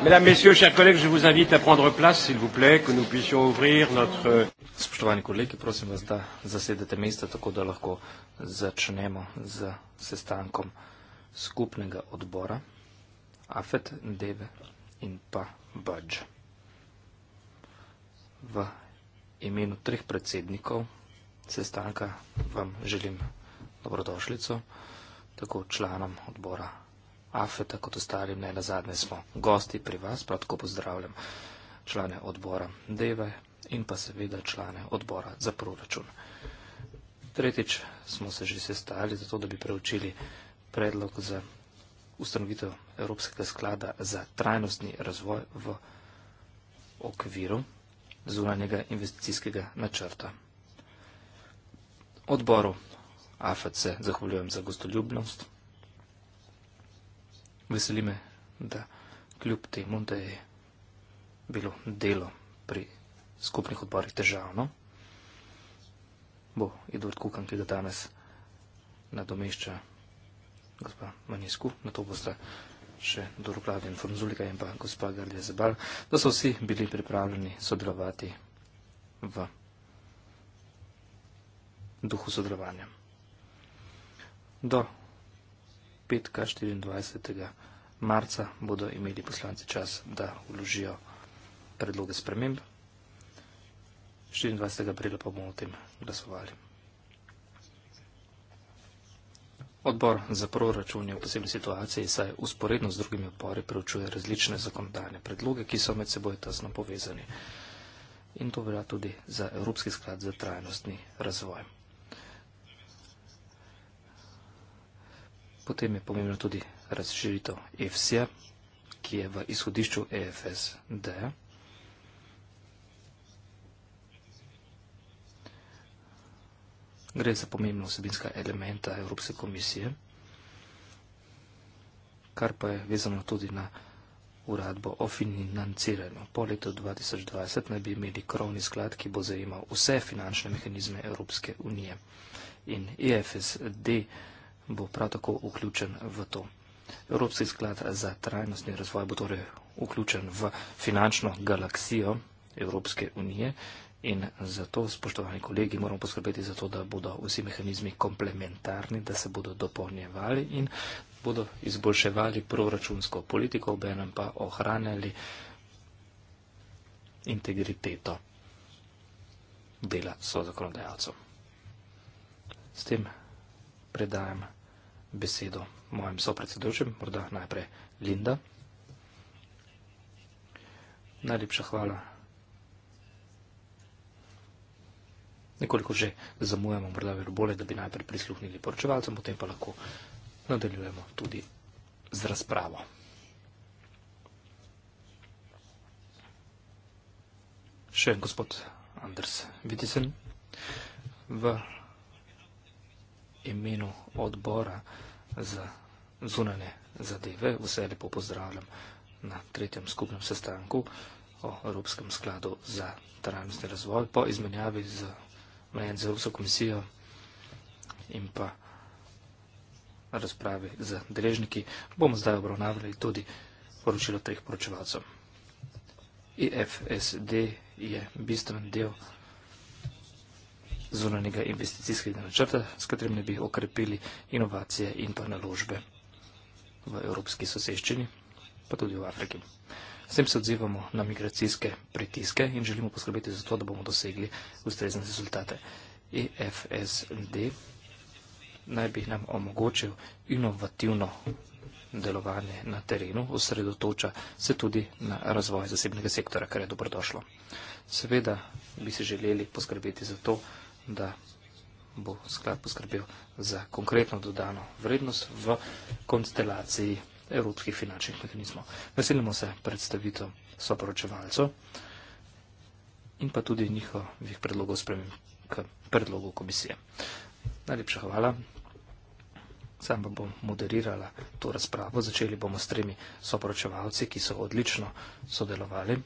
Mesdames, Messieurs, chers collègues, je vous invite à prendre place, s'il vous plaît, que nous puissions ouvrir notre. Euh, Spoštovani kolegi, prosim vas, da zasedete mesto, tako da lahko začnemo z sestankom skupnega odbora AFET, DEVE in pa BUDŽ. V imenu treh predsednikov sestanka vam želim dobrodošlico, tako članom odbora Afeta kot ostalim, ne na zadnje smo gosti pri vas, prav tako pozdravljam člane odbora Deve in pa seveda člane odbora za proračun. Tretjič smo se že sestali zato, da bi preučili predlog za ustanovitev Evropskega sklada za trajnostni razvoj v okviru zunanjega investicijskega načrta. Odboru AFC zahvaljujem za gostoljubnost, Veseli me, da kljub temu, da je bilo delo pri skupnih odborih težavno, bo Edward Kukan, ki ga danes nadomešča gospa Manjesku, na to boste še Doroglavljen Fornzulika in pa gospa Garlje Zabal, da so vsi bili pripravljeni sodelovati v duhu sodelovanja. Do petka 24. marca bodo imeli poslanci čas, da vložijo predloge sprememb. 24. aprila pa bomo o tem glasovali. Odbor za proračun je v posebni situaciji, saj usporedno z drugimi opori preučuje različne zakonodajne predloge, ki so med seboj tesno povezani. In to velja tudi za Evropski sklad za trajnostni razvoj. Potem je pomembno tudi razširitev EFSE, ki je v izhodišču EFSD. Gre za pomembno osebinska elementa Evropske komisije, kar pa je vezano tudi na uradbo o financiranju. Po letu 2020 naj bi imeli krovni sklad, ki bo zajemal vse finančne mehanizme Evropske unije. In EFSD je bo prav tako vključen v to. Evropski sklad za trajnostni razvoj bo torej vključen v finančno galaksijo Evropske unije in zato, spoštovani kolegi, moramo poskrbeti za to, da bodo vsi mehanizmi komplementarni, da se bodo dopolnjevali in bodo izboljševali proračunsko politiko, obenem pa ohranjali integriteto dela so zakonodajalcev. S tem predajam besedo mojim sopredsedujočim, morda najprej Linda. Najlepša hvala. Nekoliko že zamujamo, morda bi bilo bolje, da bi najprej prisluhnili poročevalcem, potem pa lahko nadaljujemo tudi z razpravo. Še en gospod Anders Vitisen v imenu odbora za zunane zadeve. Vse lepo pozdravljam na tretjem skupnem sestanku o Evropskem skladu za trajnostni razvoj po izmenjavi z mnenjem z Evropsko komisijo in pa razpravi z deležniki. Bomo zdaj obravnavali tudi poročilo treh poročevalcev. IFSD je bistven del zunanjega investicijskega načrta, s katerim ne bi okrepili inovacije in pa naložbe v evropski soseščini, pa tudi v Afriki. S tem se odzivamo na migracijske pritiske in želimo poskrbeti za to, da bomo dosegli ustrezne rezultate. EFSD naj bi nam omogočil inovativno delovanje na terenu, osredotoča se tudi na razvoj zasebnega sektora, kar je dobrodošlo. Seveda bi se želeli poskrbeti za to, da bo sklad poskrbel za konkretno dodano vrednost v konstelaciji evropskih finančnih mehanizmov. Veselimo se predstavitev soporočevalcev in pa tudi njihovih predlogov spremem k predlogu komisije. Najlepša hvala. Sam pa bom moderirala to razpravo. Začeli bomo s tremi soporočevalci, ki so odlično sodelovali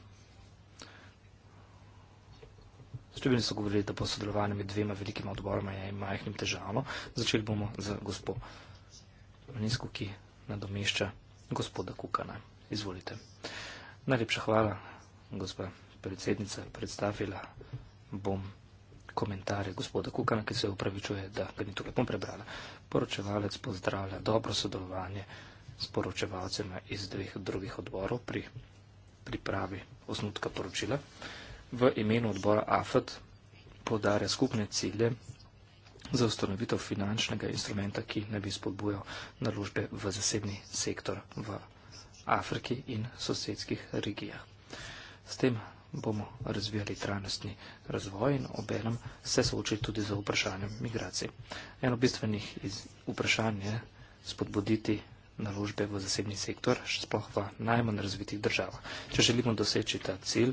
Zdaj, če bi so govorili, da bo sodelovanje med dvema velikima odboroma je majhnim težavno, začeli bomo z gospo Mlinsko, ki nadomešča gospoda Kukana. Izvolite. Najlepša hvala, gospa predsednica, predstavila bom komentarje gospoda Kukana, ki se upravičuje, da ga ni tukaj. Bom prebrala. Poročevalec pozdravlja dobro sodelovanje s poročevalcema iz dveh drugih odborov pri pripravi osnutka poročila v imenu odbora AFET podarja skupne cilje za ustanovitev finančnega instrumenta, ki ne bi spodbujal naložbe v zasebni sektor v Afriki in sosedskih regijah. S tem bomo razvijali trajnostni razvoj in obenem se soočili tudi za vprašanjem migracij. Eno bistvenih vprašanj je spodbuditi naložbe v zasebni sektor, še sploh v najmanj razvitih državah. Če želimo doseči ta cilj,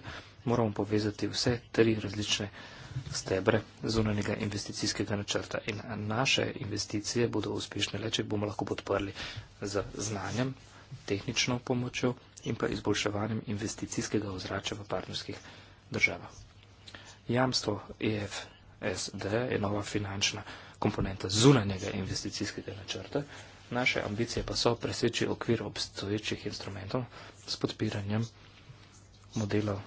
moramo povezati vse tri različne stebre zunanjega investicijskega načrta. In naše investicije bodo uspešne le, če bomo lahko podprli z znanjem, tehnično pomočjo in pa izboljševanjem investicijskega ozračja v partnerskih državah. Jamstvo EFSD je nova finančna komponenta zunanjega investicijskega načrta. Naše ambicije pa so preseči okvir obstoječih instrumentov s podpiranjem modelov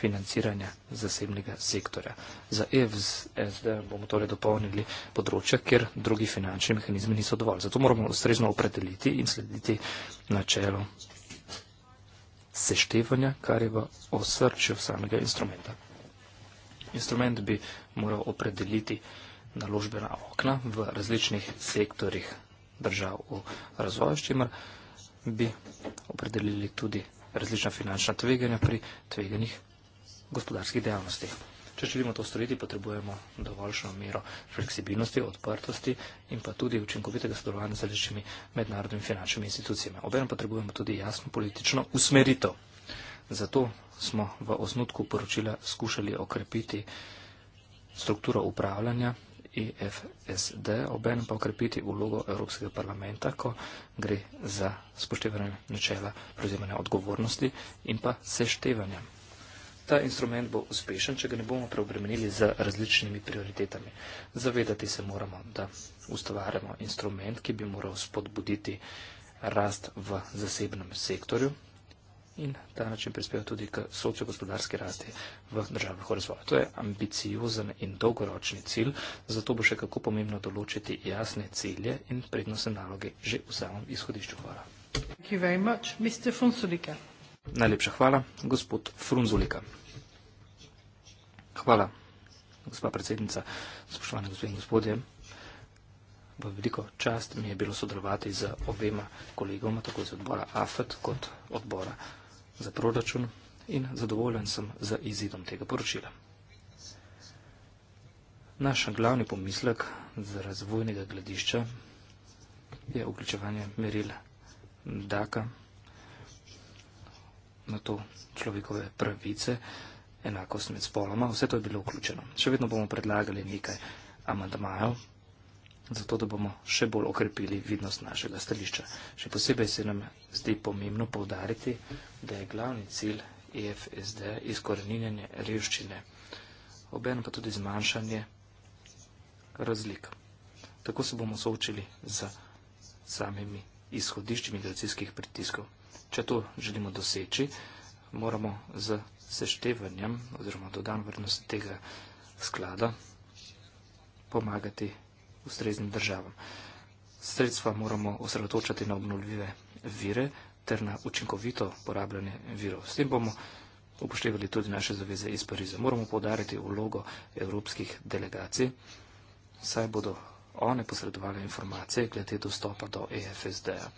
financiranja zasebnega sektorja. Za EFSD bomo torej dopolnili področja, kjer drugi finančni mehanizmi niso dovolj. Zato moramo ustrezno opredeliti in slediti načelo seštevanja, kar je v osrčju samega instrumenta. Instrument bi moral opredeliti naložbena okna v različnih sektorjih držav v razvoju, s čimer bi opredelili tudi različna finančna tveganja pri tveganih gospodarskih dejavnosti. Če želimo to storiti, potrebujemo dovoljšno mero fleksibilnosti, odprtosti in pa tudi učinkovitega sodelovanja z različnimi mednarodnimi finančnimi institucijami. Obenem potrebujemo tudi jasno politično usmeritev. Zato smo v osnutku poročila skušali okrepiti strukturo upravljanja IFSD, e obenem pa okrepiti vlogo Evropskega parlamenta, ko gre za spoštevanje načela prevzemanja odgovornosti in pa seštevanja. Ta instrument bo uspešen, če ga ne bomo preobremenili z različnimi prioritetami. Zavedati se moramo, da ustvarjamo instrument, ki bi moral spodbuditi rast v zasebnem sektorju, in ta način prispeva tudi k sociogospodarski rasti v državah v razvoju. To je ambiciozen in dolgoročni cilj, zato bo še kako pomembno določiti jasne cilje in prednostne naloge že v samem izhodišču. Hvala. Najlepša hvala, gospod Frunzulika. Hvala, gospa predsednica, spoštovane gospe in gospodje. V veliko čast mi je bilo sodelovati z obema kolegoma, tako iz odbora AFET kot odbora za proračun in zadovoljen sem za izidom tega poročila. Naš glavni pomislek z razvojnega gledišča je vključevanje meril DAKA na to človekove pravice, enakost med spoloma, vse to je bilo vključeno. Še vedno bomo predlagali nekaj amandmajev, zato da bomo še bolj okrepili vidnost našega stališča. Še posebej se nam zdi pomembno povdariti, da je glavni cilj EFSD izkoreninjanje revščine, obenem pa tudi zmanjšanje razlik. Tako se bomo soočili z samimi izhodišči migracijskih pritiskov. Če to želimo doseči, moramo z seštevanjem oziroma dodan vrednost tega sklada pomagati ustreznim državam. Sredstva moramo osredotočati na obnovljive vire ter na učinkovito porabljanje virov. S tem bomo upoštevali tudi naše zaveze iz Pariza. Moramo podariti vlogo evropskih delegacij, saj bodo one posredovale informacije glede dostopa do EFSD-a.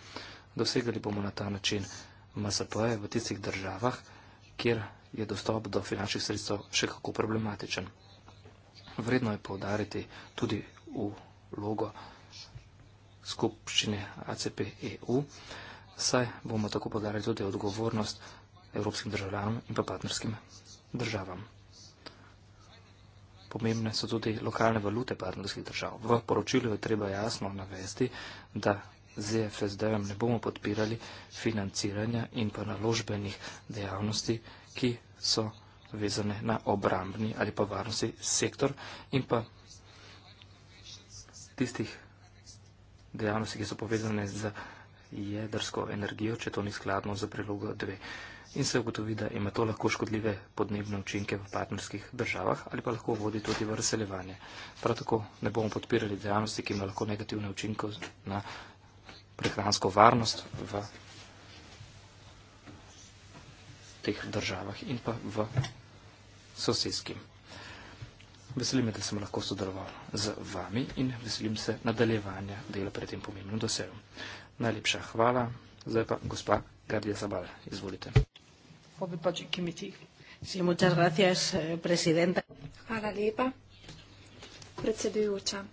Dosegali bomo na ta način MSP-je v tistih državah, kjer je dostop do finančnih sredstev še kako problematičen. Vredno je povdariti tudi v vlogo skupščine ACP EU, saj bomo tako podarili tudi odgovornost evropskim državljanom in pa partnerskim državam. Pomembne so tudi lokalne valute partnerskih držav. V poročilu je treba jasno navesti, da z FSD-jem ne bomo podpirali financiranja in pa naložbenih dejavnosti, ki so vezane na obrambni ali pa varnostni sektor in pa tistih dejavnosti, ki so povezane z jedrsko energijo, če to ni skladno z prilogo 2. In se ugotovi, da ima to lahko škodljive podnebne učinke v partnerskih državah ali pa lahko vodi tudi v razseljevanje. Prav tako ne bomo podpirali dejavnosti, ki ima lahko negativne učinke na prehransko varnost v teh državah in pa v sosedskih. Veselim me, da sem lahko sodeloval z vami in veselim se nadaljevanja dela pred tem pomembnem dosegom. Najlepša hvala. Zdaj pa gospa Gardija Zabal, izvolite. Eh, hvala lepa, predsedujoča.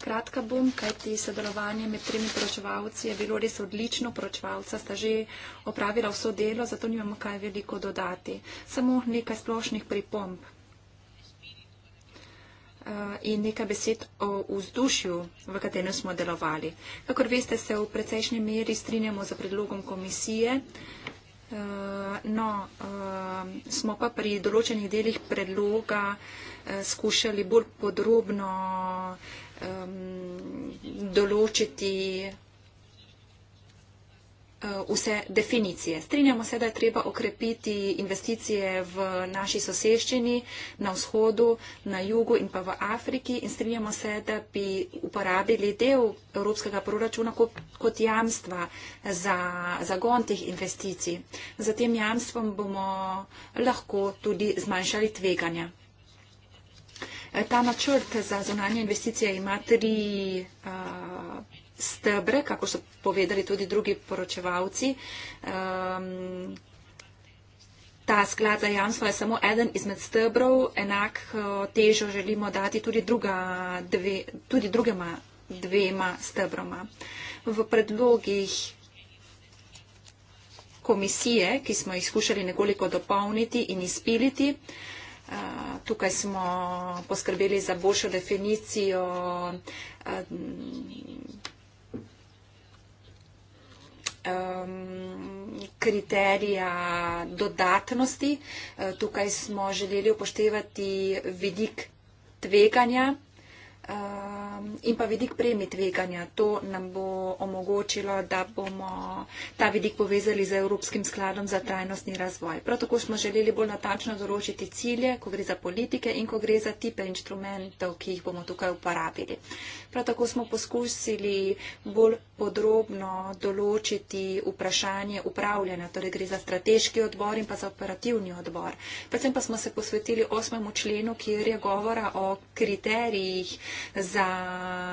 Kratka bom, kajti sodelovanje med tremi poročevalci je bilo res odlično, poročevalca sta že opravila vso delo, zato nimamo kaj veliko dodati. Samo nekaj splošnih pripomb. Eh, in nekaj besed o vzdušju, v katerem smo delovali. Kakor veste, se v precejšnji meri strinjamo za predlogom komisije, eh, no, eh, smo pa pri določenih delih predloga skušali bolj podrobno določiti Eh, vse definicije. Strinjamo se, da je treba okrepiti investicije v naši soseščini, na vzhodu, na jugu in pa v Afriki in strinjamo se, da bi uporabili del evropskega proračuna kot, kot jamstva za zagon teh investicij. Za tem jamstvom bomo lahko tudi zmanjšali tveganja. Eh, ta načrt za zonanje investicije ima tri uh, stebre, kako so povedali tudi drugi poročevalci. Um, ta sklad za jamstvo je samo eden izmed stebrov, enak eh, težo želimo dati tudi, druga, dve, tudi drugema dvema stebroma. V predlogih komisije, ki smo jih skušali nekoliko dopolniti in izpiliti, eh, tukaj smo poskrbeli za boljšo definicijo eh, um, kriterija dodatnosti. Uh, tukaj smo želeli upoštevati vidik tveganja, um, in pa vidik premi tveganja. To nam bo omogočilo, da bomo ta vidik povezali z Evropskim skladom za trajnostni razvoj. Prav tako smo želeli bolj natančno določiti cilje, ko gre za politike in ko gre za tipe inštrumentov, ki jih bomo tukaj uporabili. Prav tako smo poskusili bolj podrobno določiti vprašanje upravljanja, torej gre za strateški odbor in pa za operativni odbor. Predvsem pa smo se posvetili osmemu členu, kjer je govora o kriterijih uh, za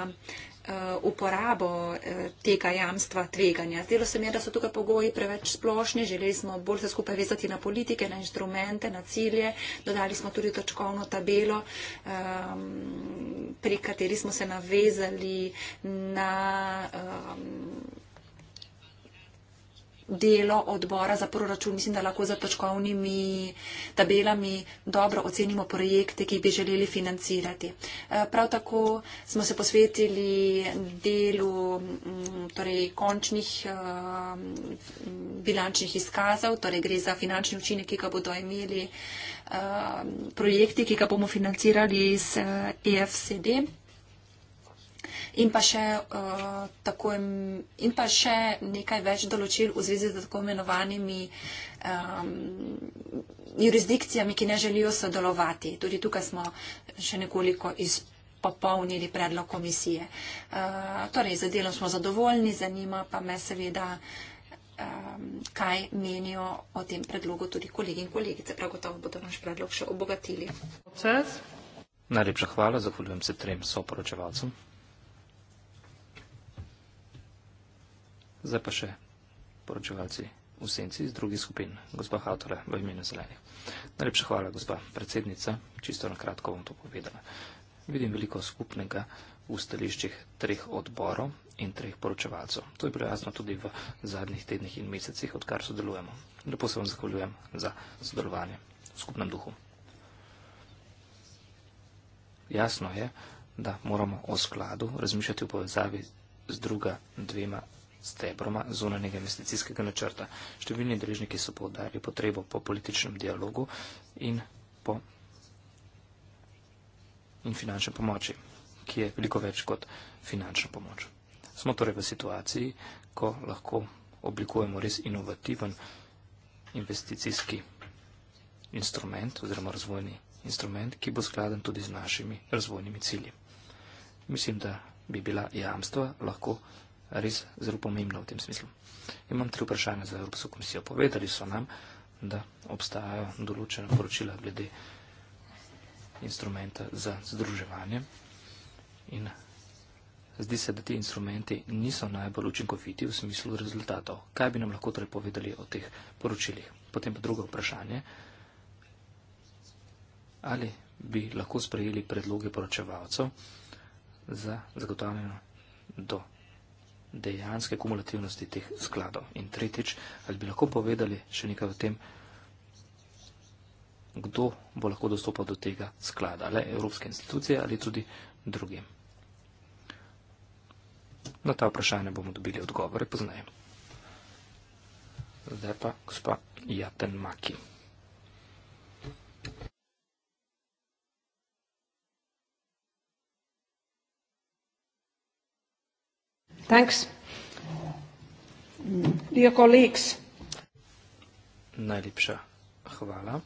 eh, uporabo eh, tega jamstva tveganja. Zdelo se mi je, da so tukaj pogoji preveč splošni, želeli smo bolj se skupaj vezati na politike, na instrumente, na cilje, dodali smo tudi točkovno tabelo, ehm, pri kateri smo se navezali na ehm, delo odbora za proračun, mislim, da lahko za točkovnimi tabelami dobro ocenimo projekte, ki bi želeli financirati. Eh, prav tako smo se posvetili delu mm, torej, končnih eh, bilančnih izkazov, torej gre za finančni učinek, ki ga bodo imeli eh, projekti, ki ga bomo financirali iz EFCD. E in pa še, uh, tako, in pa še nekaj več določil v zvezi z tako imenovanimi um, jurisdikcijami, ki ne želijo sodelovati. Tudi tukaj smo še nekoliko izpopolnili predlog komisije. Uh, torej, za delom smo zadovoljni, zanima pa me seveda, um, kaj menijo o tem predlogu tudi kolegi in kolegice. Prav gotovo bodo naš predlog še obogatili. Najlepša hvala, zahvaljujem se trem soporočevalcem. Zdaj pa še poročevalci v senci iz drugih skupin, gospa Hautore v imenu zelenih. Najlepša hvala, gospa predsednica, čisto na kratko bom to povedala. Vidim veliko skupnega v stališčih treh odborov in treh poročevalcev. To je bilo jasno tudi v zadnjih tednih in mesecih, odkar sodelujemo. Lepo se vam zahvaljujem za sodelovanje v skupnem duhu. Jasno je, da moramo o skladu razmišljati v povezavi z druga dvema stebroma zunanjega investicijskega načrta. Številni drežniki so povdarili potrebo po političnem dialogu in, po in finančne pomoči, ki je veliko več kot finančna pomoč. Smo torej v situaciji, ko lahko oblikujemo res inovativen investicijski instrument oziroma razvojni instrument, ki bo skladen tudi z našimi razvojnimi cilji. Mislim, da bi bila jamstva lahko res zelo pomembna v tem smislu. Imam tri vprašanja za Evropsko komisijo. Povedali so nam, da obstajajo določena poročila glede instrumenta za združevanje in zdi se, da ti instrumenti niso najbolj učinkoviti v smislu rezultatov. Kaj bi nam lahko torej povedali o teh poročilih? Potem pa drugo vprašanje. Ali bi lahko sprejeli predloge poročevalcev za zagotavljanje do dejanske kumulativnosti teh skladov. In tretjič, ali bi lahko povedali še nekaj o tem, kdo bo lahko dostopal do tega sklada, ali evropske institucije ali tudi drugi. Na ta vprašanje bomo dobili odgovore poznaje. Zdaj pa gospa Jaten Maki. Thanks. Dear colleagues. Najlepša hvala.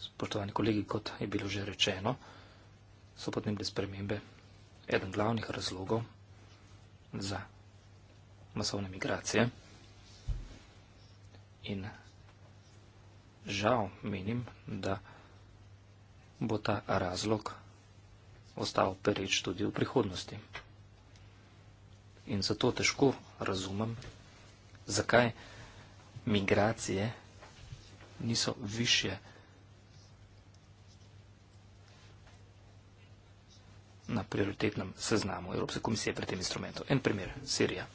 Spoštovani kolegi, kot je bilo že rečeno, so podnebne spremembe eden glavnih razlogov za masovne migracije. In žal menim, da bo ta razlog ostal pereč tudi v prihodnosti. In zato težko razumem, zakaj migracije niso više na prioritetnem seznamu Evropske komisije pred tem instrumentom. En primer, Sirija.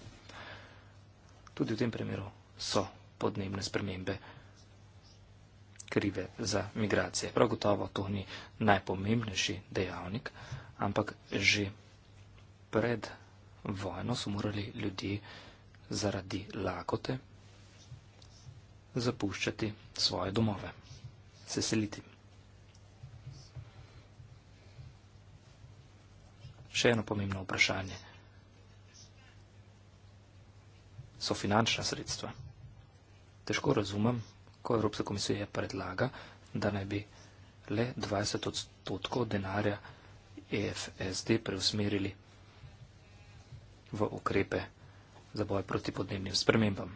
Tudi v tem primeru so podnebne spremembe krive za migracije. Prav gotovo to ni najpomembnejši dejavnik, ampak že pred vojno so morali ljudje zaradi lakote zapuščati svoje domove, se seliti. Še eno pomembno vprašanje so finančna sredstva. Težko razumem, ko Evropska komisija predlaga, da naj bi le 20 odstotkov denarja EFSD preusmerili v ukrepe za boj proti podnebnim spremembam.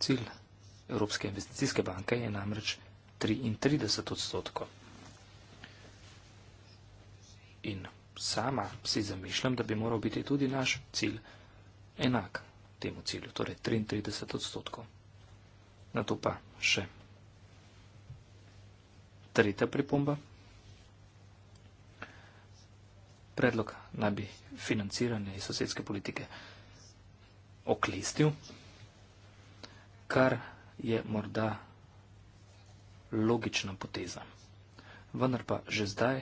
Cilj Evropske investicijske banke je namreč 33 odstotkov. In sama si zamišljam, da bi moral biti tudi naš cilj enak temu cilju, torej 33 odstotkov. Na to pa še tretja pripomba. predlog naj bi financiranje iz sosedske politike oklistil, kar je morda logična poteza. Vendar pa že zdaj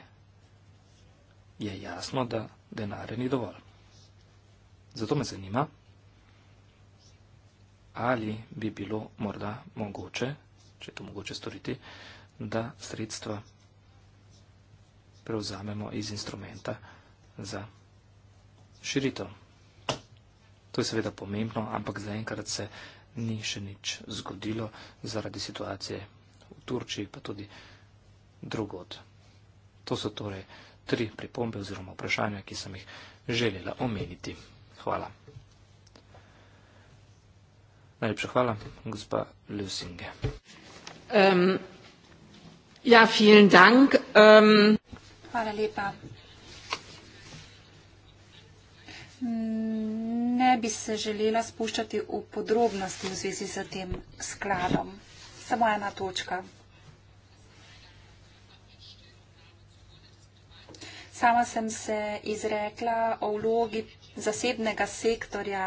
je jasno, da denarja ni dovolj. Zato me zanima, ali bi bilo morda mogoče, če je to mogoče storiti, da sredstva prevzamemo iz instrumenta, za širitev. To je seveda pomembno, ampak zaenkrat se ni še nič zgodilo zaradi situacije v Turčiji, pa tudi drugod. To so torej tri pripombe oziroma vprašanja, ki sem jih želela omeniti. Hvala. Najlepša hvala, gospa Lusinge. Um, ja, vielen Dank. Um... Hvala lepa ne bi se želela spuščati v podrobnosti v zvezi z tem skladom. Samo ena točka. Sama sem se izrekla o vlogi zasebnega sektorja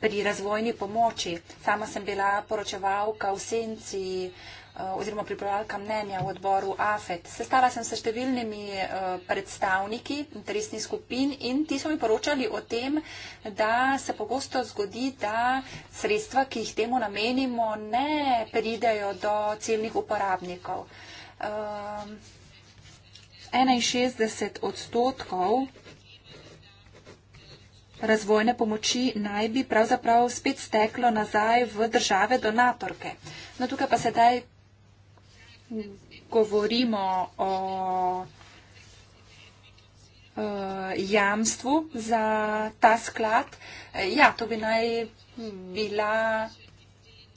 pri razvojni pomoči. Sama sem bila poročevalka v senci uh, Eh, oziroma pripravljalka mnenja v odboru AFET. Sestala sem se številnimi eh, predstavniki interesnih skupin in ti so mi poročali o tem, da se pogosto zgodi, da sredstva, ki jih temu namenimo, ne pridejo do ciljnih uporabnikov. 61 ehm, odstotkov razvojne pomoči naj bi pravzaprav spet steklo nazaj v države donatorke. No tukaj pa sedaj govorimo o uh, jamstvu za ta sklad. Eh, ja, to bi naj bila,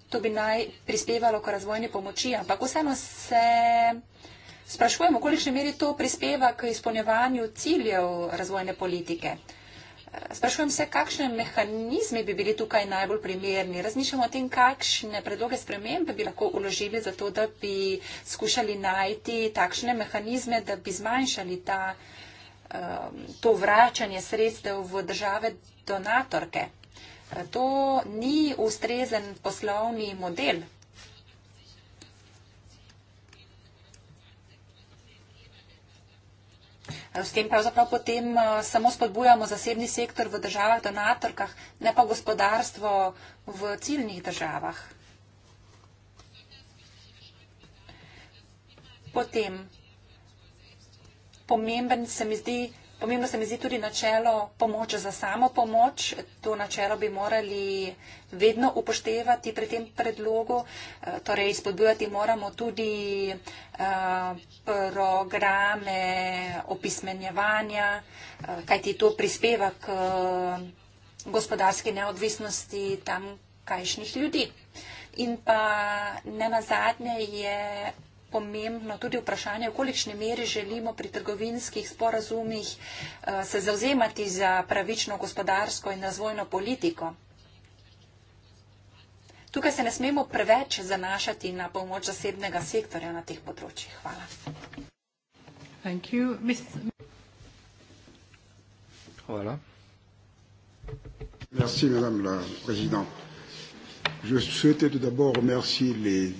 to bi naj prispevalo k razvojni pomoči, ampak vseeno se sprašujemo, kolikšne meri to prispeva k izpolnjevanju ciljev razvojne politike. Uh, Sprašujem se, kakšne mehanizme bi bili tukaj najbolj primerni. Razmišljamo o tem, kakšne predloge sprememb bi lahko uložili za to, da bi skušali najti takšne mehanizme, da bi zmanjšali ta, um, to vračanje sredstev v države donatorke. To ni ustrezen poslovni model. s tem pravzaprav potem eh, samo spodbujamo zasebni sektor v državah donatorkah, ne pa gospodarstvo v ciljnih državah. Potem pomemben se mi zdi Pomembno se mi zdi tudi načelo pomoč za samo pomoč. To načelo bi morali vedno upoštevati pri tem predlogu. Eh, torej, spodbujati moramo tudi eh, programe opismenjevanja, eh, kajti to prispeva k gospodarski neodvisnosti tam kajšnih ljudi. In pa ne nazadnje je pomembno tudi vprašanje, v kolikšni meri želimo pri trgovinskih sporazumih eh, se zauzemati za pravično gospodarsko in razvojno politiko. Tukaj se ne smemo preveč zanašati na pomoč zasebnega sektorja na teh področjih. Hvala. Thank you. Miss... Hvala. Merci, madame la présidente. Je souhaitais tout d'abord remercier les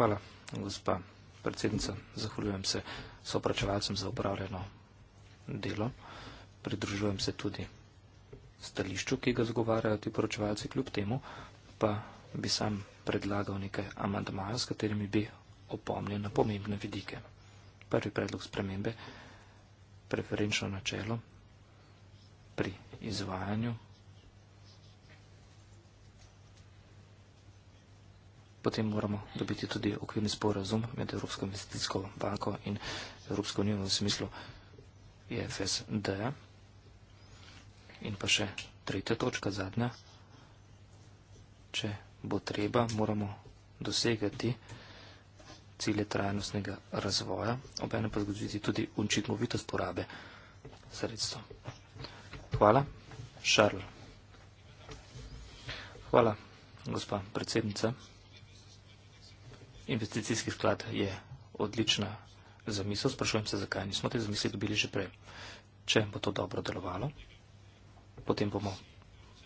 hvala, gospa predsednica. Zahvaljujem se sopračevalcem za upravljeno delo. Pridružujem se tudi stališču, ki ga zgovarjajo ti poročevalci, kljub temu pa bi sam predlagal nekaj amandmajev, s katerimi bi opomnil na pomembne vidike. Prvi predlog spremembe, preferenčno načelo pri izvajanju potem moramo dobiti tudi okvirni sporazum med Evropsko investicijsko banko in Evropsko unijo v smislu EFSD. In pa še tretja točka, zadnja. Če bo treba, moramo dosegati cilje trajnostnega razvoja, obene pa zgoditi tudi učinkovitost porabe sredstva. Hvala, Šarl. Hvala, gospa predsednica investicijski sklad je odlična zamisel. Sprašujem se, zakaj nismo te zamisli dobili že prej. Če bo to dobro delovalo, potem bomo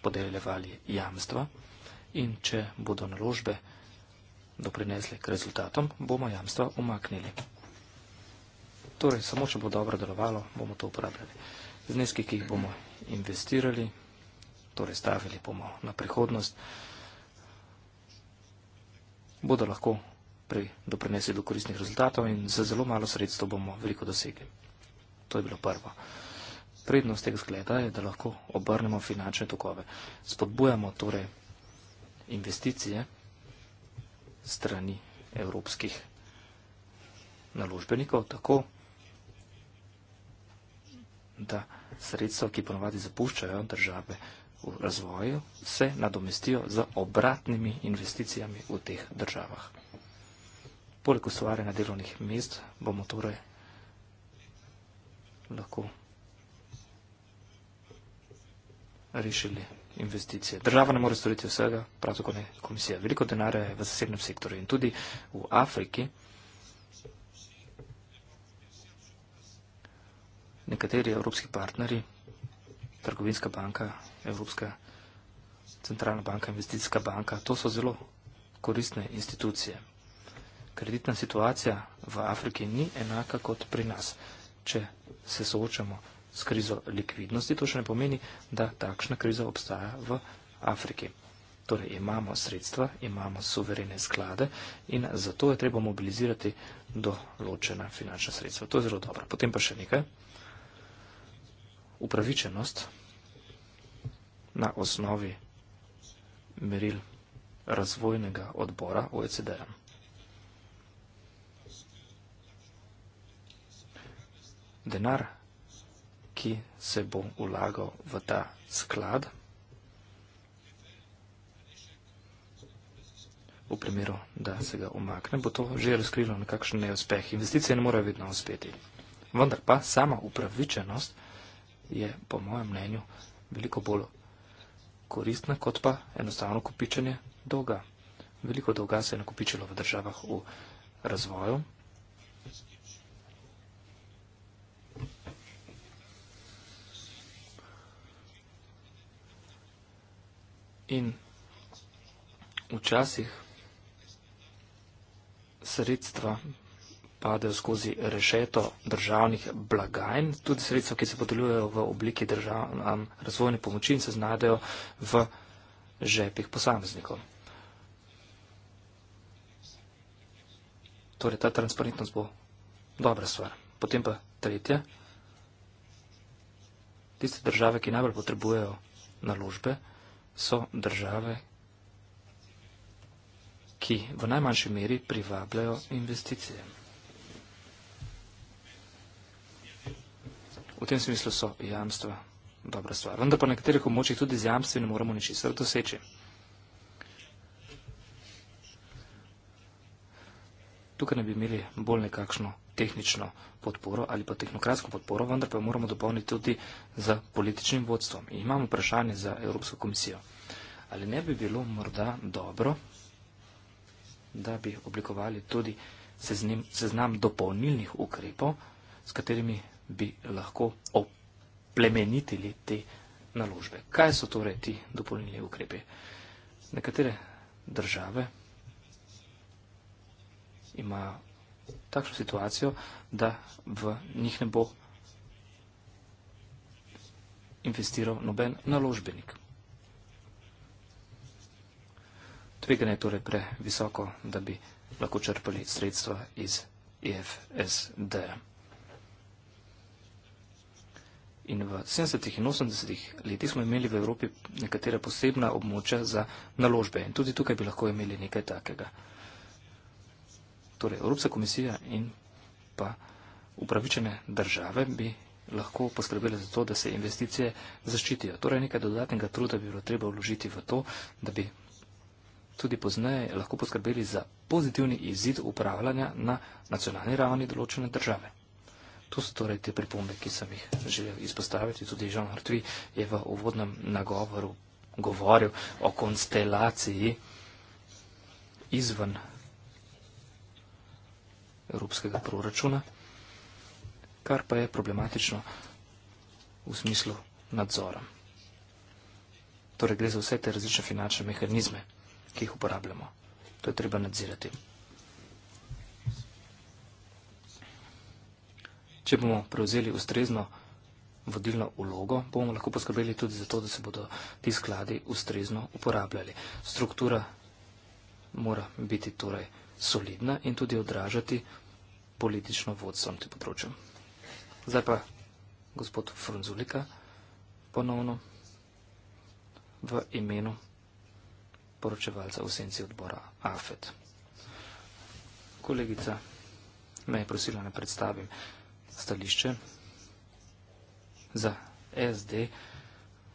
podeljevali jamstva in če bodo naložbe doprinesle k rezultatom, bomo jamstva umaknili. Torej, samo če bo dobro delovalo, bomo to uporabljali. Zneski, ki jih bomo investirali, torej stavili bomo na prihodnost, bodo lahko pri, doprinesli do koristnih rezultatov in za zelo malo sredstev bomo veliko dosegli. To je bilo prvo. Prednost tega skleda je, da lahko obrnemo finančne tokove. Spodbujamo torej investicije strani evropskih naložbenikov tako, da sredstva, ki ponovadi zapuščajo države v razvoju, se nadomestijo z obratnimi investicijami v teh državah. Poleg ustvarjanja delovnih mest bomo torej lahko rešili investicije. Država ne more storiti vsega, prav tako ne komisija. Veliko denarja je v zasebnem sektorju in tudi v Afriki. Nekateri evropski partneri, Trgovinska banka, Evropska centralna banka, Investicijska banka, to so zelo koristne institucije kreditna situacija v Afriki ni enaka kot pri nas. Če se soočamo s krizo likvidnosti, to še ne pomeni, da takšna kriza obstaja v Afriki. Torej imamo sredstva, imamo suverene sklade in zato je treba mobilizirati določena finančna sredstva. To je zelo dobro. Potem pa še nekaj. Upravičenost na osnovi meril razvojnega odbora OECD-a. denar, ki se bo ulagal v ta sklad. V primeru, da se ga umakne, bo to že razkrilo nekakšen neuspeh. Investicije ne more vedno uspeti. Vendar pa sama upravičenost je, po mojem mnenju, veliko bolj koristna kot pa enostavno kupičenje dolga. Veliko dolga se je nakupičilo v državah v razvoju, In včasih sredstva padejo skozi rešeto državnih blagajn, tudi sredstva, ki se podeljujejo v obliki državne um, razvojne pomoči in se znajdejo v žepih posameznikov. Torej, ta transparentnost bo dobra stvar. Potem pa tretje, tiste države, ki najbolj potrebujejo naložbe, so države, ki v najmanjši meri privabljajo investicije. V tem smislu so jamstva dobra stvar. Vendar pa na nekaterih območjih tudi z jamstvi ne moremo ničesar doseči. Tukaj ne bi imeli bolj nekakšno tehnično podporo ali pa tehnokratsko podporo, vendar pa moramo dopolniti tudi z političnim vodstvom. In imamo vprašanje za Evropsko komisijo. Ali ne bi bilo morda dobro, da bi oblikovali tudi seznam, seznam dopolnilnih ukrepov, s katerimi bi lahko oplemenitili te naložbe? Kaj so torej ti dopolnilni ukrepi? Nekatere države imajo takšno situacijo, da v njih ne bo investiral noben naložbenik. Tvega ne torej previsoko, da bi lahko črpali sredstva iz IFSD. E in v 70. in 80. letih smo imeli v Evropi nekatera posebna območja za naložbe in tudi tukaj bi lahko imeli nekaj takega torej Evropska komisija in pa upravičene države bi lahko poskrbele za to, da se investicije zaščitijo. Torej nekaj dodatnega truda bi bilo treba vložiti v to, da bi tudi pozneje lahko poskrbeli za pozitivni izid upravljanja na nacionalni ravni določene države. To so torej te pripombe, ki sem jih želel izpostaviti. Tudi Jean Artvi je v uvodnem nagovoru govoril o konstelaciji izven evropskega proračuna, kar pa je problematično v smislu nadzora. Torej gre za vse te različne finančne mehanizme, ki jih uporabljamo. To je treba nadzirati. Če bomo prevzeli ustrezno vodilno ulogo, bomo lahko poskrbeli tudi za to, da se bodo ti skladi ustrezno uporabljali. Struktura mora biti torej vsega solidna in tudi odražati politično vodstvo na tem področju. Zdaj pa gospod Frunzulika ponovno v imenu poročevalca v senci odbora AFET. Kolegica me je prosila, da predstavim stališče za SD.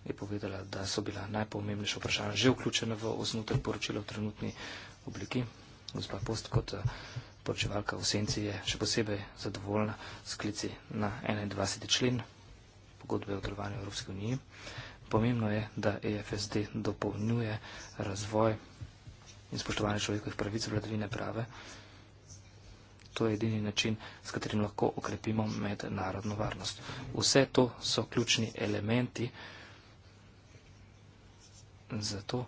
Je povedala, da so bila najpomembnejša vprašanja že vključena v osnutek poročila v trenutni obliki gospa Post kot eh, poročevalka v senci je še posebej zadovoljna sklici na 21. člen pogodbe o delovanju Evropske unije. Pomembno je, da EFSD dopolnjuje razvoj in spoštovanje človekovih pravic vladavine prave. To je edini način, s katerim lahko okrepimo mednarodno varnost. Vse to so ključni elementi za to,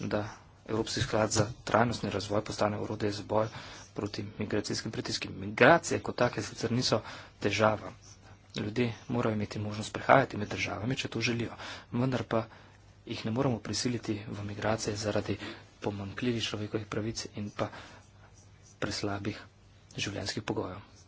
da Evropski sklad za trajnostni razvoj postane urode za boj proti migracijskim pritiskim. Migracije kot take sicer niso težava. Ljudje morajo imeti možnost prehajati med državami, če to želijo, vendar pa jih ne moramo prisiliti v migracije zaradi pomankljivih človekovih pravic in pa preslabih življenjskih pogojev.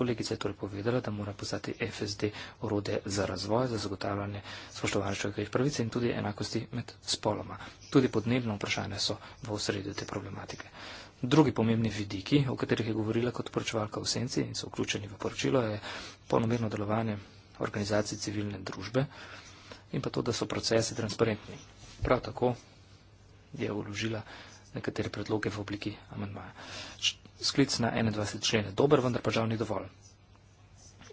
Kolegica je torej povedala, da mora postati FSD orode za razvoj, za zagotavljanje spoštovanja človekovih pravic in tudi enakosti med spoloma. Tudi podnebno vprašanje so v osredju te problematike. Drugi pomembni vidiki, o katerih je govorila kot poročevalka v senci in so vključeni v poročilo, je polnomerno delovanje organizacij civilne družbe in pa to, da so procesi transparentni. Prav tako je uložila nekatere predloge v obliki amantmaja. Sklic na 21 člen je dober, vendar pa žal ni dovolj.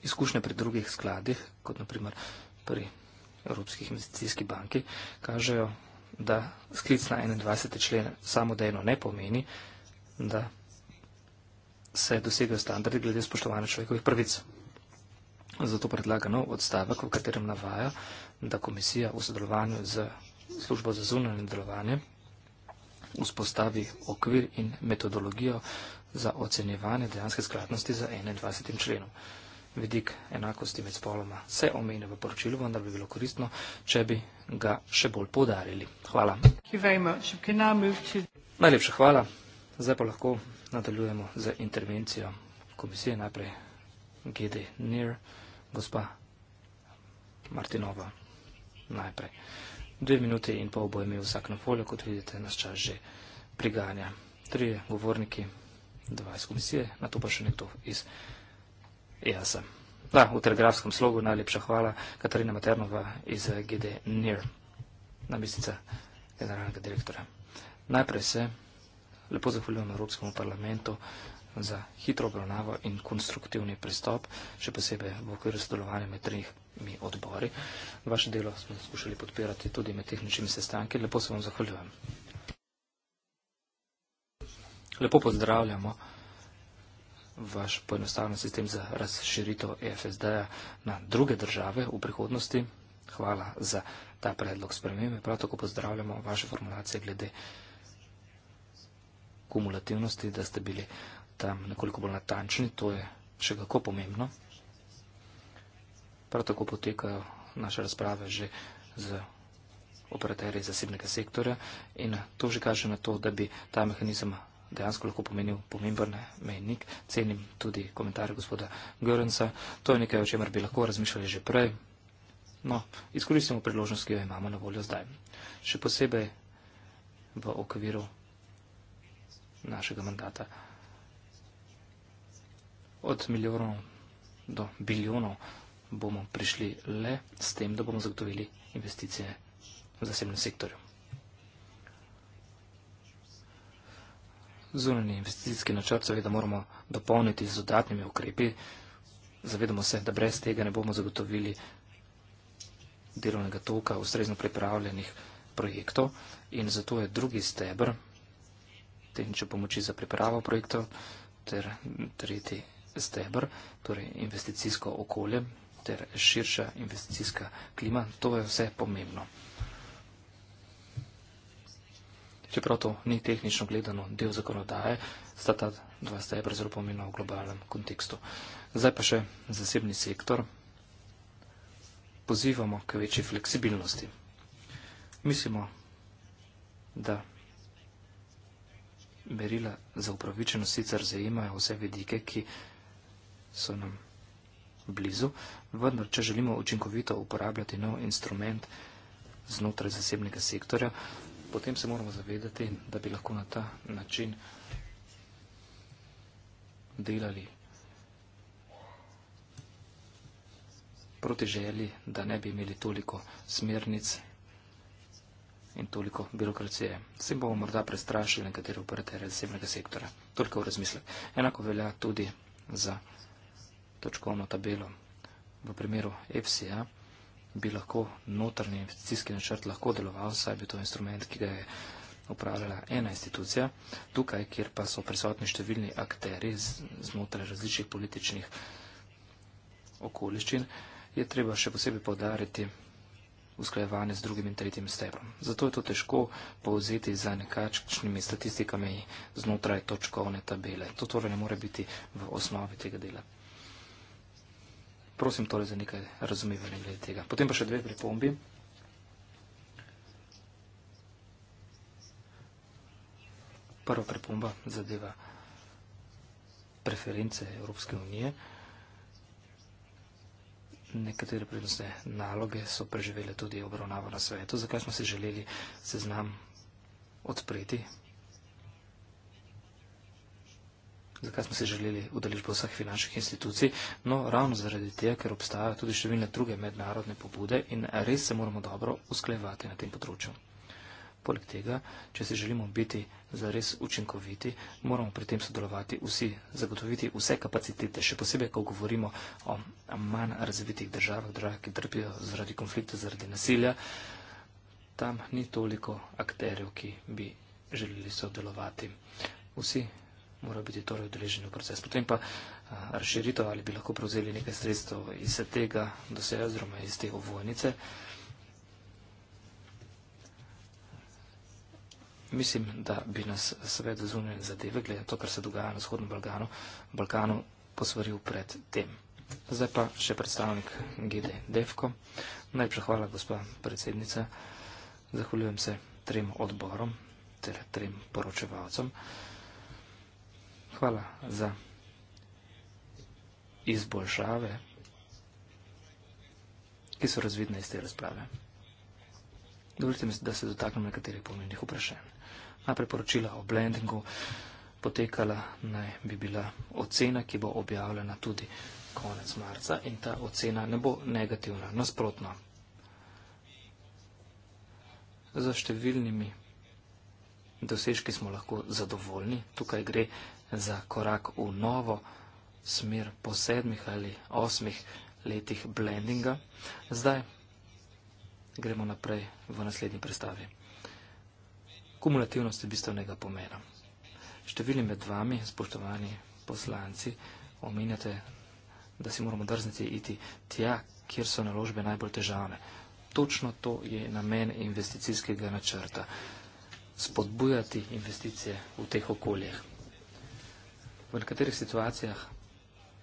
Izkušnje pri drugih skladih, kot naprimer pri Evropskih investicijskih banki, kažejo, da sklic na 21 člen samodejno ne pomeni, da se dosegajo standardi glede spoštovanja človekovih prvic. Zato predlaga nov odstavek, v katerem navaja, da komisija v sodelovanju z službo za zunanje delovanje vzpostavi okvir in metodologijo za ocenjevanje dejanske skladnosti za 21. členom. Vidik enakosti med spoloma se omenja v poročilu, vendar bi bilo koristno, če bi ga še bolj podarili. Hvala. Najlepša hvala. Zdaj pa lahko nadaljujemo z intervencijo komisije. Najprej GD NIR, gospa Martinova. Najprej dve minute in pol bo imel vsak na voljo, kot vidite, nas čas že priganja. Tri govorniki, dva iz komisije, na to pa še nekdo iz EASA. Da, v telegrafskem slogu najlepša hvala Katarina Maternova iz eh, GD NIR, namestnica generalnega direktora. Najprej se lepo zahvaljujem Evropskemu parlamentu za hitro obravnavo in konstruktivni pristop, še posebej v okviru sodelovanja med trih mi odbori. Vaše delo smo skušali podpirati tudi med tehničnimi sestanki. Lepo se vam zahvaljujem. Lepo pozdravljamo vaš poenostavljen sistem za razširitev EFSD-ja na druge države v prihodnosti. Hvala za ta predlog spremembe. Prav tako pozdravljamo vaše formulacije glede kumulativnosti, da ste bili tam nekoliko bolj natančni. To je še kako pomembno. Prav tako potekajo naše razprave že z operaterji zasebnega sektorja in to že kaže na to, da bi ta mehanizem dejansko lahko pomenil pomemben mejnik. Cenim tudi komentarje gospoda Görnca. To je nekaj, o čemer bi lahko razmišljali že prej. No, izkoristimo priložnost, ki jo imamo na voljo zdaj. Še posebej v okviru našega mandata. Od milijonov do bilijonov bomo prišli le s tem, da bomo zagotovili investicije v zasebnem sektorju. Zunanji investicijski načrt seveda moramo dopolniti z dodatnimi ukrepi. Zavedamo se, da brez tega ne bomo zagotovili delovnega toka ustrezno pripravljenih projektov in zato je drugi stebr tehnične pomoči za pripravo projektov ter tretji stebr, torej investicijsko okolje, ter širša investicijska klima. To je vse pomembno. Čeprav to ni tehnično gledano del zakonodaje, sta ta dva stebra zelo pomembna v globalnem kontekstu. Zdaj pa še zasebni sektor. Pozivamo k večji fleksibilnosti. Mislimo, da merila za upravičenost sicer zajemajo vse vedike, ki so nam blizu, vendar če želimo učinkovito uporabljati nov instrument znotraj zasebnega sektorja, potem se moramo zavedati, da bi lahko na ta način delali proti želi, da ne bi imeli toliko smernic in toliko birokracije. Vse bomo morda prestrašili nekatere operatere zasebnega sektora. Toliko v razmislek. Enako velja tudi za vse točkovno tabelo. V primeru EFSI-ja bi lahko notrni investicijski načrt lahko deloval, saj bi to instrument, ki ga je upravljala ena institucija, tukaj, kjer pa so prisotni številni akteri znotraj različnih političnih okoliščin, je treba še posebej povdariti usklajevanje z drugim in tretjim stebrom. Zato je to težko povzeti za nekačnimi statistikami znotraj točkovne tabele. To torej ne more biti v osnovi tega dela. Prosim torej za nekaj razumevanja glede tega. Potem pa še dve pripombi. Prva pripomba zadeva preference Evropske unije. Nekatere prednostne naloge so preživele tudi obravnavo na svetu, zakaj smo se želeli seznam odpreti, zakaj smo se želeli udeležbo vseh finančnih institucij. No, ravno zaradi tega, ker obstajajo tudi številne druge mednarodne pobude in res se moramo dobro usklejevati na tem področju. Poleg tega, če se želimo biti zares učinkoviti, moramo pri tem sodelovati vsi, zagotoviti vse kapacitete, še posebej, ko govorimo o manj razvitih državah, državah, ki trpijo zaradi konflikta, zaradi nasilja. Tam ni toliko akterjev, ki bi želeli sodelovati. Vsi mora biti torej odrežen v proces. Potem pa razširito ali bi lahko prevzeli nekaj sredstv iz tega doseja oziroma iz te ovojnice. Mislim, da bi nas svet zunaj zadeve, glede to, kar se dogaja na vzhodnem Balkanu, Balkanu posvaril pred tem. Zdaj pa še predstavnik GD Defko. Najprej hvala, gospa predsednica. Zahvaljujem se trem odborom ter trem poročevalcem. Hvala za izboljšave, ki so razvidne iz te razprave. Dovolite mi, da se dotaknem nekaterih pomembnih vprašanj. Najprej poročila o blendingu potekala naj bi bila ocena, ki bo objavljena tudi konec marca in ta ocena ne bo negativna, nasprotno. Za številnimi dosežki smo lahko zadovoljni. Tukaj gre za korak v novo smer po sedmih ali osmih letih blendinga. Zdaj gremo naprej v naslednji predstavi. Kumulativnost je bistvenega pomena. Številni med vami, spoštovani poslanci, omenjate, da si moramo drzniti iti tja, kjer so naložbe najbolj težavne. Točno to je namen investicijskega načrta. Spodbujati investicije v teh okoljih v nekaterih situacijah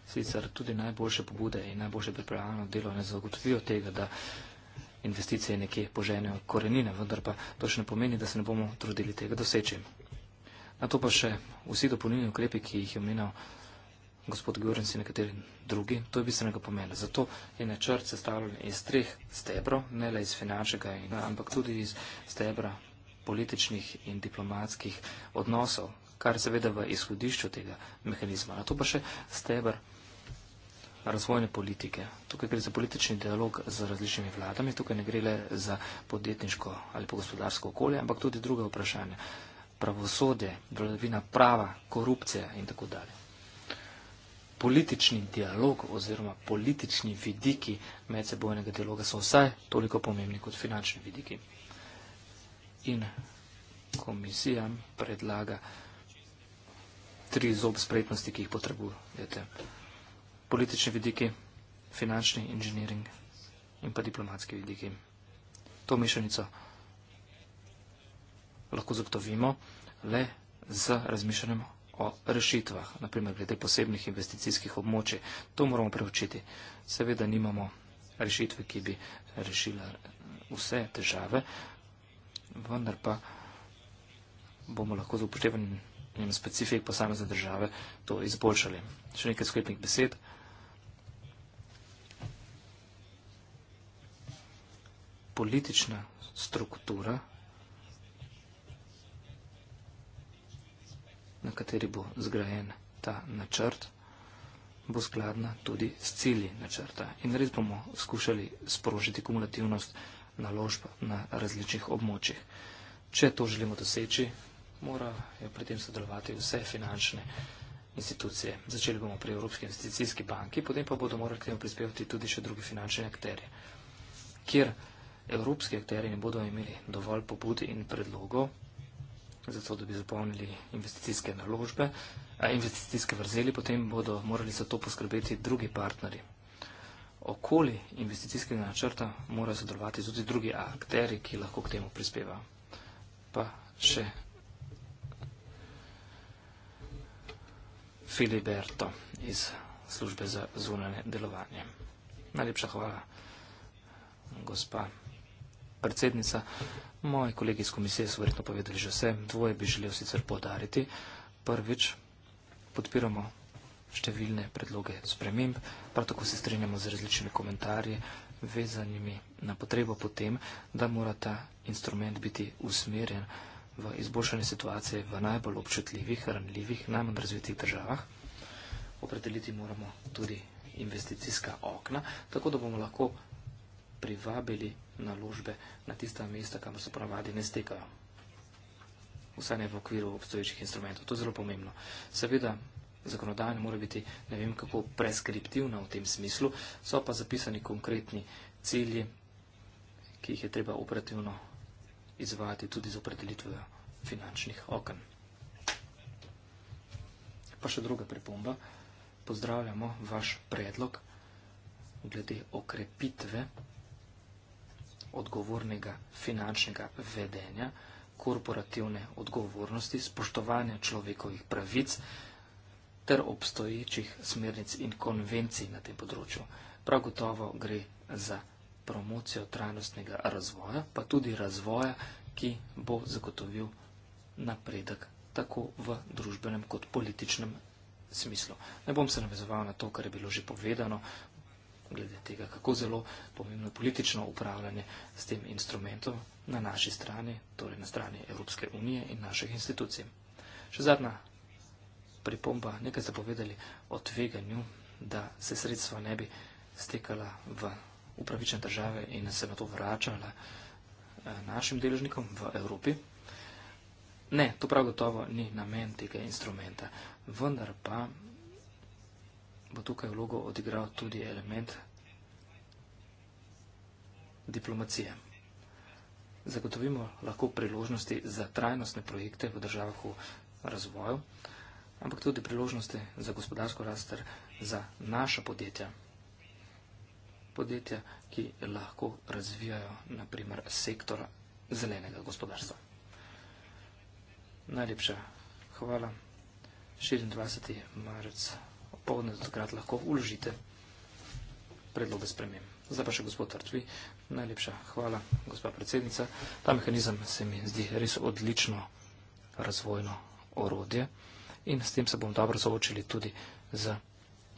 sicer tudi najboljše pobude in najboljše pripravljeno delo ne zagotovijo tega, da investicije nekje poženejo korenine, vendar pa to še ne pomeni, da se ne bomo trudili tega doseči. Na to pa še vsi dopolnilni ukrepi, ki jih je omenil gospod Gorenc in nekateri drugi, to je bistvenega pomena. Zato je načrt sestavljen iz treh stebrov, ne le iz finančnega, ampak tudi iz stebra političnih in diplomatskih odnosov kar seveda v izhodišču tega mehanizma. A to pa še stebr razvojne politike. Tukaj gre za politični dialog z različnimi vladami, tukaj ne gre le za podjetniško ali po gospodarsko okolje, ampak tudi druga vprašanja. Pravosodje, vladavina prava, korupcija in tako dalje. Politični dialog oziroma politični vidiki medsebojnega dialoga so vsaj toliko pomembni kot finančni vidiki. In komisija predlaga tri zob spretnosti, ki jih potrebujete. Politični vidiki, finančni inženiring in pa diplomatski vidiki. To mešanico lahko zagotovimo le z razmišljanjem o rešitvah, naprimer glede posebnih investicijskih območij. To moramo preučiti. Seveda nimamo rešitve, ki bi rešila vse težave, vendar pa bomo lahko z upoštevanjem in specifik posamezne države to izboljšali. Še nekaj sklepnih besed. Politična struktura, na kateri bo zgrajen ta načrt, bo skladna tudi s cilji načrta. In res bomo skušali sprožiti kumulativnost naložb na različnih območjih. Če to želimo doseči, morajo pri tem sodelovati vse finančne institucije. Začeli bomo pri Evropski investicijski banki, potem pa bodo morali k temu prispevati tudi še druge finančne akterje. Kjer evropski akterji ne bodo imeli dovolj pobud in predlogov, zato da bi zapolnili investicijske naložbe, investicijske vrzeli, potem bodo morali za to poskrbeti drugi partnerji. Okoli investicijskega načrta morajo sodelovati tudi drugi akteri, ki lahko k temu prispevajo. Pa še Filiberto iz službe za zunanje delovanje. Najlepša hvala, gospa predsednica. Moji kolegi iz komisije so verjetno povedali že vse, dvoje bi želel sicer podariti. Prvič, podpiramo številne predloge sprememb, prav tako se strenjamo z različnimi komentarji, vezanimi na potrebo potem, da mora ta instrument biti usmerjen vsega v izboljšanje situacije v najbolj občutljivih, ranljivih, najmanj razvitih državah. Opredeliti moramo tudi investicijska okna, tako da bomo lahko privabili naložbe na tista mesta, kamor se ponavadi ne stekajo. Vsaj ne v okviru obstoječih instrumentov. To je zelo pomembno. Seveda, zakonodajna mora biti, ne vem kako, preskriptivna v tem smislu, so pa zapisani konkretni cilji, ki jih je treba operativno izvajati tudi z opredelitvijo finančnih okn. Pa še druga pripomba. Pozdravljamo vaš predlog glede okrepitve odgovornega finančnega vedenja, korporativne odgovornosti, spoštovanja človekovih pravic ter obstoječih smernic in konvencij na tem področju. Prav gotovo gre za promocijo trajnostnega razvoja, pa tudi razvoja, ki bo zagotovil napredek tako v družbenem kot političnem smislu. Ne bom se navezoval na to, kar je bilo že povedano, glede tega, kako zelo pomembno je politično upravljanje s tem instrumentom na naši strani, torej na strani Evropske unije in naših institucij. Še zadnja pripomba, nekaj ste povedali o tveganju, da se sredstva ne bi stekala v upravičene države in se na to vračale eh, našim deležnikom v Evropi. Ne, to prav gotovo ni namen tega instrumenta, vendar pa bo tukaj vlogo odigral tudi element diplomacije. Zagotovimo lahko priložnosti za trajnostne projekte v državah v razvoju, ampak tudi priložnosti za gospodarsko rast ter za naša podjetja podjetja, ki lahko razvijajo naprimer sektor zelenega gospodarstva. Najlepša hvala. 24. marec popovdne zakrat lahko uložite predloge spremem. Zdaj pa še gospod Artvi, najlepša hvala, gospa predsednica. Ta mehanizem se mi zdi res odlično razvojno orodje in s tem se bom dobro soočili tudi z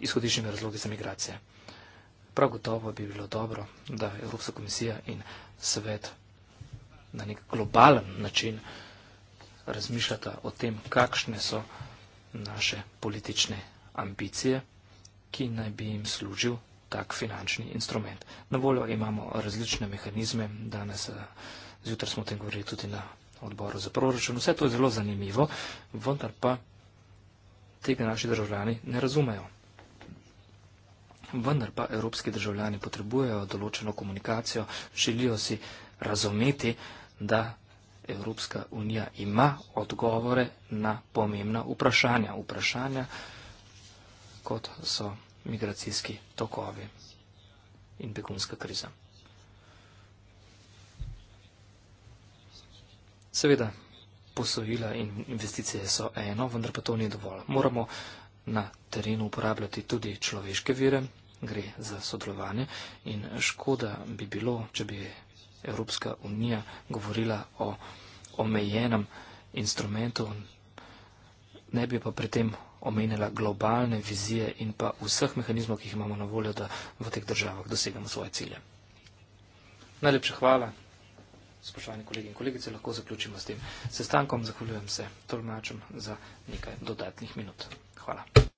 izhodišnjimi razlogi za migracije. Prav gotovo bi bilo dobro, da Evropska komisija in svet na nek globalen način razmišljata o tem, kakšne so naše politične ambicije, ki naj bi jim služil tak finančni instrument. Na voljo imamo različne mehanizme, danes eh, zjutraj smo o tem govorili tudi na odboru za proračun. Vse to je zelo zanimivo, vendar pa tega naši državljani ne razumejo. Vendar pa evropski državljani potrebujejo določeno komunikacijo, želijo si razumeti, da Evropska unija ima odgovore na pomembna vprašanja. Vprašanja, kot so migracijski tokovi in begunska kriza. Seveda, posojila in investicije so eno, vendar pa to ni dovolj. Moramo na terenu uporabljati tudi človeške vire, gre za sodelovanje in škoda bi bilo, če bi Evropska unija govorila o omejenem instrumentu, ne bi pa pri tem omenjala globalne vizije in pa vseh mehanizmov, ki jih imamo na voljo, da v teh državah dosegamo svoje cilje. Najlepša hvala, spoštovani kolegi in kolegice, lahko zaključimo s tem sestankom. Zahvaljujem se tolmačem za nekaj dodatnih minut. Hvala.